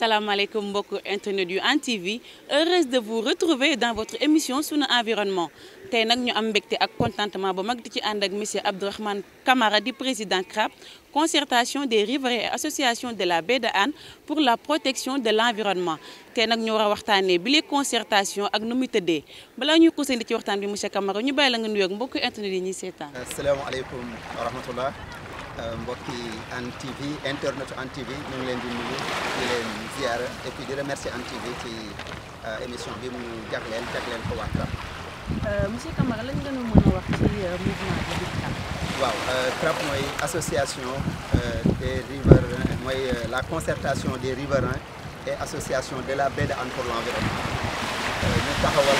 alaikum beaucoup internet du en TV heureuse de vous retrouver dans votre émission sur l'environnement. Nous nag ñu am ak contentement bu mag di ci monsieur président Krap, concertation des riverains et associations de la baie de pour la protection de l'environnement Nous nag ñu war de concertation ak nu muy tëddee balaa ñu ko seen ci waxtaan bi monsieur Camara ñu bàyyi la nga nuyoog wa rahmatullah qui en TV internet en TV et puis remercier en TV ci euh, émission de euh, monsieur Kamara, euh, mouvement association des riverains la concertation des riverains et association de la baie de pour l'environnement Nous, taxawal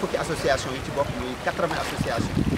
ko ci association 80 associations.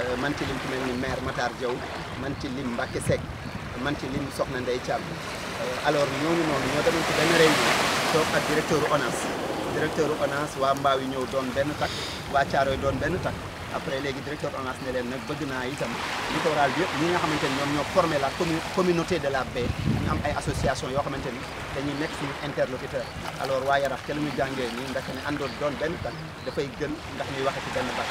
Euh, man ci lim ku mel ni maire Matar man ci lim Mbacke Seck man ci lim Soxna ndey Thiam euh, alors ñooñu noonu ñoo demoon ci benn réunion toog ak directeur ONAS directeur ONAS waa mbaaw yi ñëw doon benn takk waa Caaroy doon benn takk après léegi directeur ONAS ne leen nag bëgg naa itam littoral bi yëpp ñi nga xamante ni ñoom ñoo formé la communauté de la baie ñu am ay association yoo xamante ni dañuy nekk ci interlocuteur alors waa Yarax ca la muy jàngee nii ndax ne àndoon doon benn takk dafay gën ndax ñuy waxe ci benn bac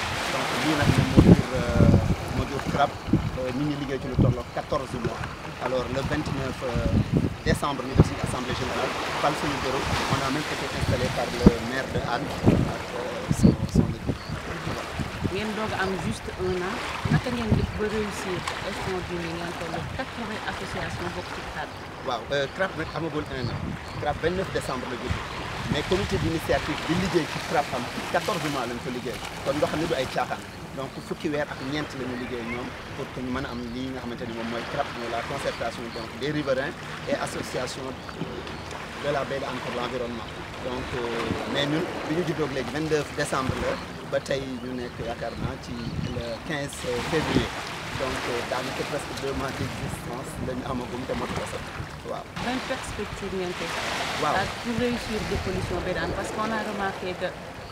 Crap ñu euh, ngi liggéey ci lu 14 mois alors le 29 euh, décembre ñu avons eu assemblée générale par le bureau on a même été installé par le maire de Hann ak euh, son son équipe. juste un an naka ngeen def réussi réussir instant bii nii ngeen 80 associations bokk ci crap, waaw CRAB nag amagul un an crap, 29 décembre Mais le mais comité d'initiative, initiative bi liggéey ci am 14 mois lañ ko liggéey kon nga xam ne du ay donc fukki weer ak ñeent la ñu liggéey ñoom pour que ñu mën a am lii nga xamante la concertation donc des riverains et associations de la belle encore l'environnement donc euh, mais ñun bi ñu juddoog 22 décembre la ba tey ñu nekk ci le 15 février donc euh, dans presque deux mois d'existence la ñu amagum te matu ko sax waaw. ban perspective ngeen waaw ak pour réussir dépollution bi daan parce qu'on a remarqué que.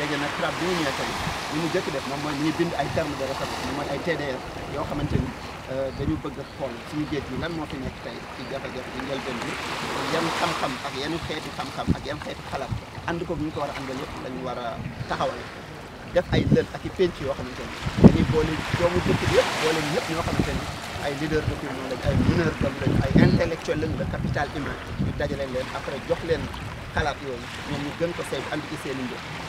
léegi nag CRAB bi ñu ñëwee tey li ñu jëkk def moom mooy ñu ay termes de référence ñu mooy ay TDR yoo xamante ni euh, dañu bëgg a xool suñu géej gi lan moo fi nekk ci jafe-jafe yi njëlbeen bi yan xam-xam ak yan xeeti xam-xam ak yan xeeti ko bu ko war a àndal yëpp lañu war a taxawal def ay lël ak i penc yoo xamante ni dañuy boole doomu dëkk bi yëpp ñoo xamante ni ay leader d'opinion lañ ay meneur d'homme lañ ay intellectuel lañ le capital humain ñu dajale leen après jox leen xalaat yooyu ñoom ñu gën ko saytu andi ci seen i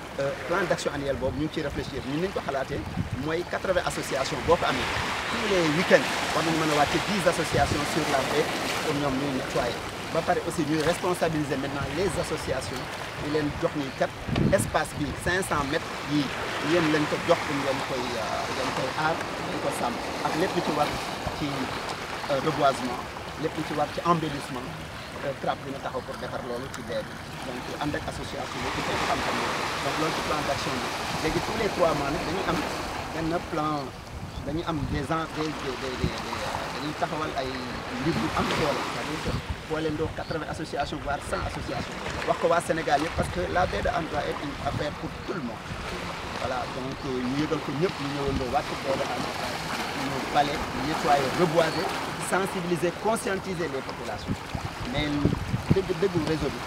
Euh, plan d'action annuel nous ñu réfléchir 80 associations tous les week-ends nous avons 10 associations sur la baie pour nous ñu nettoyer ba aussi de responsabiliser maintenant les associations ñu leen jox ni espace 500 mètres ko pour koy euh, koy ko euh, reboisement ci ci embellissement pour ci donc ak loolu ci plan d'action. tous les trois mois nag dañuy am plan dañuy am des ans des des des dañuy taxawal ay mbir am 80 associations voire 100 associations wax ko waa Sénégal parce que la baie de Hann est une affaire pour tout le monde voilà donc euh, ñu yëgal ko ñëpp ñu ñëwandoo wàcc nous de ñu nettoyer reboiser sensibiliser conscientiser les populations mais nous dëggu réseau bi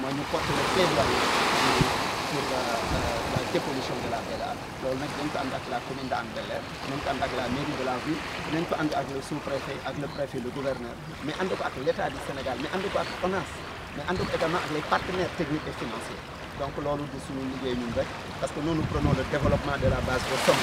mooy ñu porter le plaidoyer pour la de la Belle Nous la commune de la mairie de la ville nous le sous-préfet avec le préfet le gouverneur mais l'État du Sénégal mais mais également avec les partenaires techniques et financiers donc nous parce que nous nous prenons le développement de la base pour sommet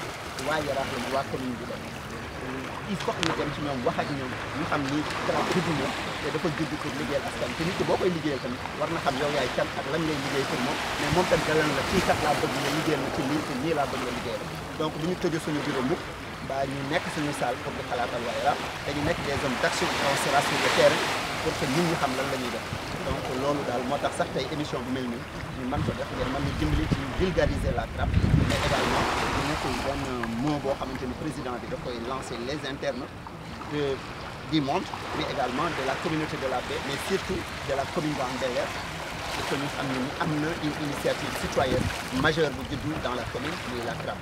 waa Yaraax lañu waa commune bi lañu il faut que ñu dem ci ñoom wax ak ñoom ñu xam ni Tra judd na te dafa judd pour liggéeyal askan te nit ki boo koy liggéeyal tamit war na xam yow yaay kan ak lan ngay liggéey pour moom mais moom tamit dalan la fii kat laa bëgg nga liggéeyal na ci lii te nii laa bëgg nga liggéeyal donc bu ñu tëjee suñu bureau mukk mbaa ñu nekk suñu salle pour di xalaatal waa Yaraax te ñu nekk des hommes d'action on sera sur le terrain pour que nous nous xam lan la ñuy def donc lolu dal motax sax tay émission bu mel ni ñu mën ko def ngeen man ñu dimbali ci vulgariser la trappe mais également nous nekk benn mot bo xamanteni président bi da koy lancer les internes de du monde mais également de la communauté de la paix, mais surtout de la commune de Hann bel que une initiative citoyenne majeure bu juddu dans la commune de la trappe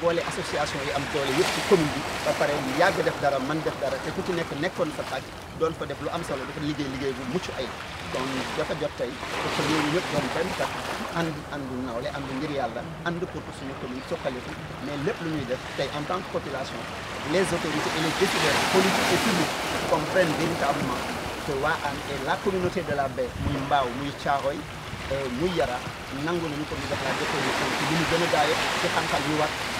boole association yi am doole yëpp ci commune bi ba pare ñu yàgg def dara man def dara te ku ci nekk nekkoon fa tàkk doon fa def lu am solo dafa liggéey liggéey bu mucc ay donc dafa jot tey pour que ñooñu ñëpp doon benn tàkk ànd àndu nawle andu ngir yàlla andu pour que suñu commune soxaliku mais lépp lu ñuy def tey en tant que population les autorités et les décideurs politiques et publics comprennent véritablement que waa Hann et la communauté de la baie muy Mbao muy Thiaroye euh, muy Yara nangu nañu ko def la déposition ci li ñu gën a gaawe ci xam yu war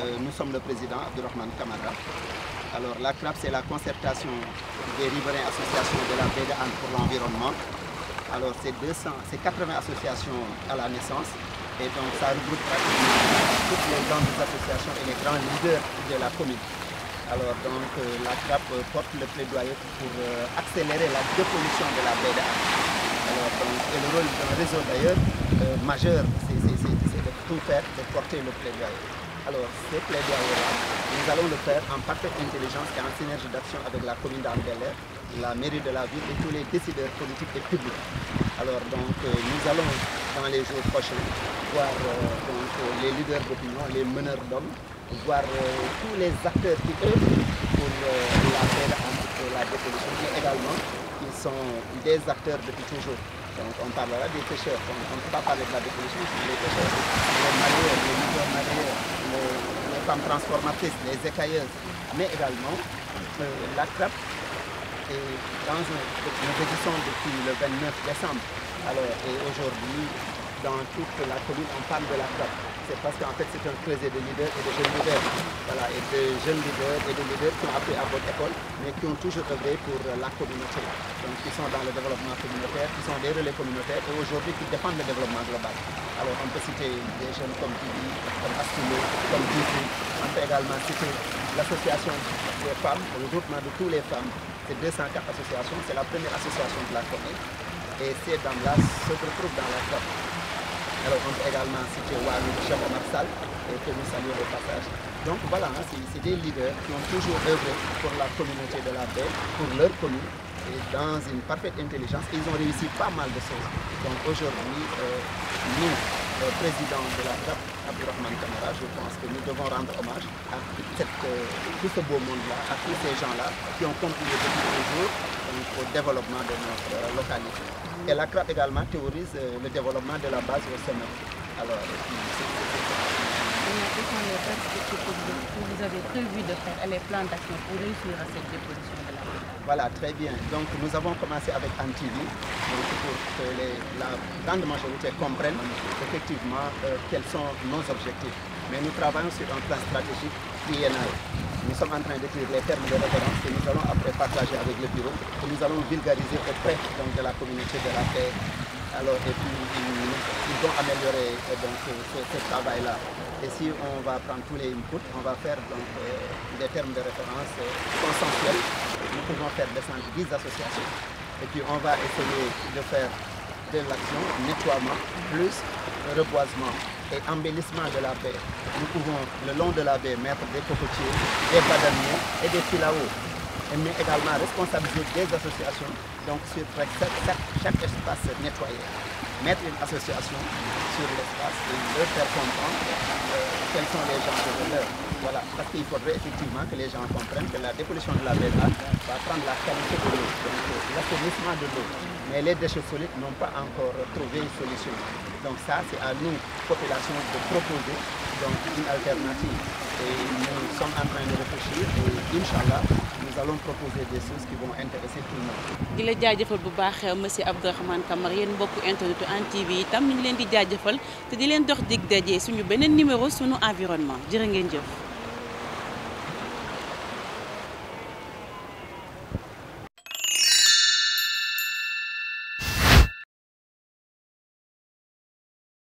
Euh, nous sommes le président Abdurrahman Kamara. Alors la CLAP, c'est la concertation des riverains associations de la baie pour l'environnement. Alors c'est 200, c'est 80 associations à la naissance et donc ça regroupe pratiquement toutes les grandes associations et les grands leaders de la commune. Alors donc euh, la CLAP euh, porte le plaidoyer pour accélérer la dépollution de la baie Alors et le rôle d'un réseau d'ailleurs majeur, c'est de tout faire, de porter le plaidoyer. Alors, ce plaidoyer-là, nous allons le faire en parfaite intelligence et en synergie d'action avec la commune d'Ambelair, la mairie de la ville et tous les décideurs politiques et publics. Alors, donc, euh, nous allons, dans les jours prochains, voir euh, euh, les leaders d'opinion, les meneurs d'hommes, voir tous les acteurs qui œuvrent pour la paix, la dépollution, mais également, ils sont des acteurs depuis toujours donc on parlera des pêcheurs. On ne peut pas parler de la définition les pêcheurs, les marieurs, les micro-marieurs, les, femmes transformatrices, les écailleuses, mais également euh, la trappe. Et dans nous depuis le 29 décembre. Alors, et aujourd'hui, dans toute la commune, on parle de la trappe parce qu'en fait, c'est un creuset de leaders et de jeunes leaders. Voilà, et de jeunes leaders et de leaders qui ont appris à votre école, mais qui ont toujours œuvré pour euh, la communauté. Donc, qui sont dans le développement communautaire, qui sont des relais communautaires et aujourd'hui qui défendent le développement global. Alors, on peut citer des jeunes comme Tibi, comme Astulo, comme Titi. On peut également citer l'association des femmes, le groupement de toutes les femmes. C'est 204 associations, c'est la première association de la commune. Et c'est dans là se retrouve dans la commune alors on peut également citer Wari, Chabon Marsal, que nous saluons au passage. Donc voilà, hein, c'est des leaders qui ont toujours œuvré pour la communauté de la paix, pour leur commune, et dans une parfaite intelligence. ils ont réussi pas mal de choses. Donc aujourd'hui, euh, nous, euh, président de la CAP, je pense que nous devons rendre hommage à euh, tout, ce beau monde-là, à tous ces gens-là qui ont contribué depuis toujours au développement de notre euh, localité. Et la CRAT également théorise euh, le développement de la base au sommet. Alors, quels sont les que vous avez prévu de faire les plans d'action pour réussir à cette déposition de la Voilà, très bien. Donc nous avons commencé avec Antivi, pour que la grande majorité comprenne effectivement euh, quels sont nos objectifs. Mais nous travaillons sur un plan stratégique triennal. Nous sommes en train d'écrire les termes de référence que nous allons après partager avec le bureau, que nous allons vulgariser auprès donc, de la communauté de la paix alors, et puis, ils, vont améliorer euh, ce, travail-là. Et si on va prendre tous les inputs, on va faire donc, euh, des termes de référence euh, consensuels. Nous pouvons faire descendre 10 associations. Et puis, on va essayer de faire de l'action, nettoiement, plus reboisement et embellissement de la baie. Nous pouvons, le long de la baie, mettre des cocotiers, des badaniers et des filaos. Mais également responsabiliser des associations donc, sur chaque, espace nettoyé, mettre une association sur l'espace et leur faire comprendre euh, quels sont les gens de l'heure. Voilà, parce qu'il faudrait effectivement que les gens comprennent que la dépollution de la mer va prendre la qualité de l'eau, euh, l'assainissement de l'eau. Mais les déchets solides n'ont pas encore trouvé une solution. Donc ça, c'est à nous, population, de proposer donc, une alternative. Et nous sommes en train de réfléchir et Inch'Allah, nous allons proposer des choses qui vont intéresser tout le monde. di la jaajëfal bu baax monsieur Abdourahmane Camara yéen mbokku internetu en TV itam ñu ngi leen di jaajëfal te di leen dox dig daje suñu beneen numéro suñu environnement jërë ngeen